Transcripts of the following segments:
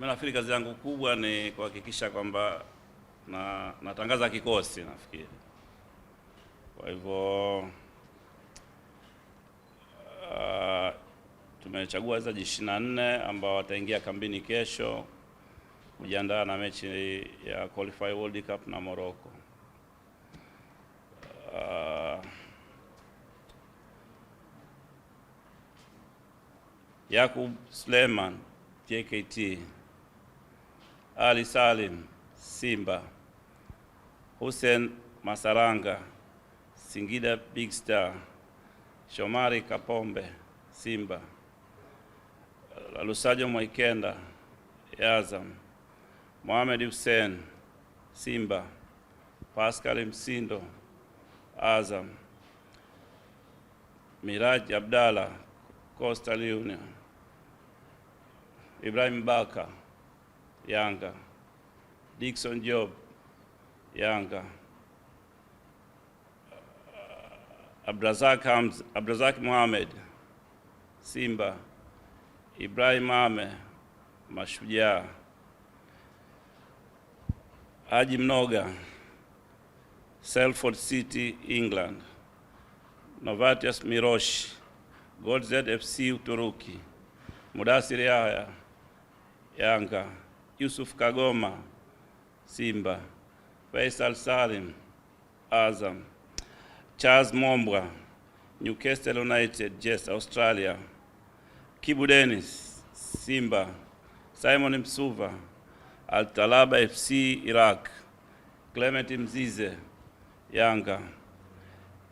Mimi nafikiri kazi yangu kubwa ni kuhakikisha kwamba na natangaza kikosi nafikiri. Kwa hivyo uh, tumechagua wachezaji 24 ambao wataingia kambini kesho kujiandaa na mechi ya qualify World Cup na Morocco. Uh, ah, Yakub Suleiman JKT ali Salim Simba, Hussein Masaranga Singida Big Star, Shomari Kapombe Simba, Lusajo Mwaikenda Azam, Mohamed Hussein Simba, Pascal Msindo Azam, miraj Abdalla Coastal Union, Ibrahim Baka Yanga. Dickson Job, Yanga. Abdrazak Hamz, Abdrazak Mohamed, Simba. Ibrahim Ame, Mashujaa. Haji Mnoga, Salford City, England. Novatius Miroshi, Gold ZFC Uturuki. Mudasiri Yahya, Yanga. Yusuf Kagoma Simba, Faisal Salim Azam, Charles Mombwa Newcastle United Jess Australia, Kibu Dennis Simba, Simon Msuva Al Talaba FC Iraq, Clement Mzize Yanga,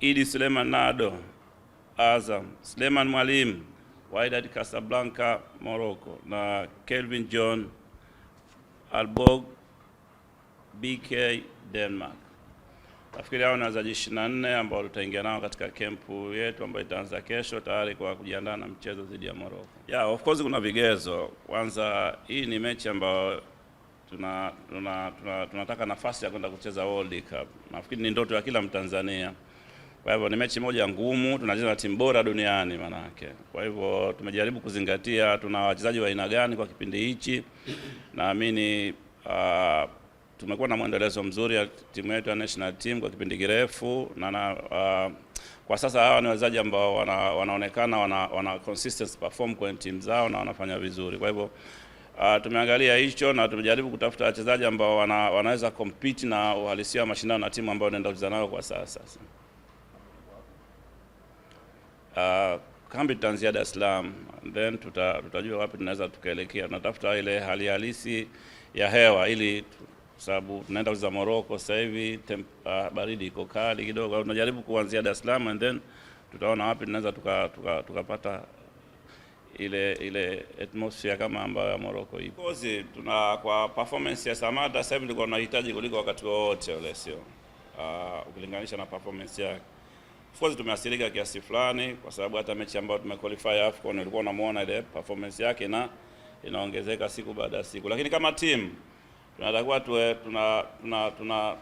Idi Suleiman Nado Azam, Suleiman Mwalimu Wydad Casablanca Morocco na Kelvin John Alborg BK Denmark. Nafikiri hao ni wachezaji 24 ambao tutaingia nao katika kempu yetu ambayo itaanza kesho tayari kwa kujiandaa na mchezo dhidi ya Morocco. Yeah, of course kuna vigezo. Kwanza hii ni mechi ambayo tuna, tuna, tuna, tunataka nafasi ya kwenda kucheza World Cup. Nafikiri ni ndoto ya kila Mtanzania. Kwa hivyo ni mechi moja ngumu, tunacheza na timu bora duniani manake. Kwa hivyo tumejaribu kuzingatia tuna wachezaji wa aina gani kwa kipindi hichi. Naamini uh, tumekuwa na mwendelezo mzuri ya timu yetu ya national team kwa kipindi kirefu na, na uh, kwa sasa hawa ni wachezaji ambao wana, wanaonekana wana, wana consistent perform kwenye timu zao na wanafanya vizuri. Kwa hivyo uh, tumeangalia hicho na tumejaribu kutafuta wachezaji ambao wana, wanaweza compete na uhalisia wa mashindano na timu ambayo naenda kucheza nayo kwa sasa. Uh, kambi tutaanzia Dar es Salaam, then tuta, tutajua wapi tunaweza tukaelekea. Tunatafuta ile hali halisi ya hewa ili sababu tunaenda za Morocco sasa hivi uh, baridi iko kali kidogo. Tunajaribu kuanzia Dar es Salaam and then tutaona wapi tunaweza tukapata tuka, tuka, tuka ile ile atmosphere kama ambayo ya Morocco ipo. tuna kwa performance ya Samata sasa hivi tulikuwa tunahitaji kuliko wakati wowote ule, sio uh, ukilinganisha na performance yake Of course tumeathirika kiasi fulani, kwa sababu hata mechi ambayo tumequalify AFCON ulikuwa unamuona ile performance yake na inaongezeka siku baada ya siku, lakini kama team tunatakiwa tuwe tuna tuna tuna,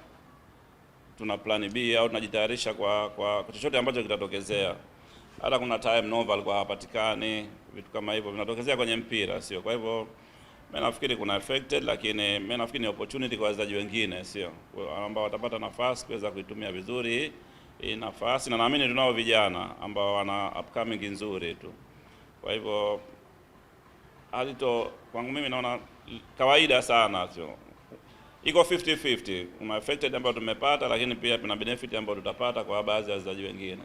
tuna plan B au tunajitayarisha kwa kwa chochote ambacho kitatokezea. Hata kuna time Nova alikuwa hapatikani, vitu kama hivyo vinatokezea kwenye mpira, sio? Kwa hivyo mimi nafikiri kuna affected, lakini mimi nafikiri ni opportunity kwa wachezaji wengine, sio, ambao watapata nafasi kuweza kuitumia vizuri hii e, nafasi, na naamini tunao vijana ambao wana upcoming nzuri tu. Kwa hivyo alito kwangu mimi naona kawaida sana, sio iko 50-50, kuna affected ambao tumepata, lakini pia kuna benefit ambao tutapata kwa baadhi ya wachezaji wengine.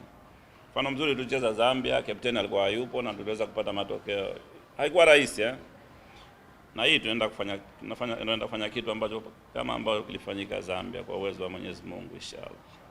Mfano mzuri tulicheza Zambia, captain alikuwa hayupo na tuliweza kupata matokeo, haikuwa rahisi eh? na hii tunaenda kufanya tunafanya tunaenda kufanya kitu ambacho kama ambayo kilifanyika Zambia kwa uwezo wa Mwenyezi Mungu inshallah.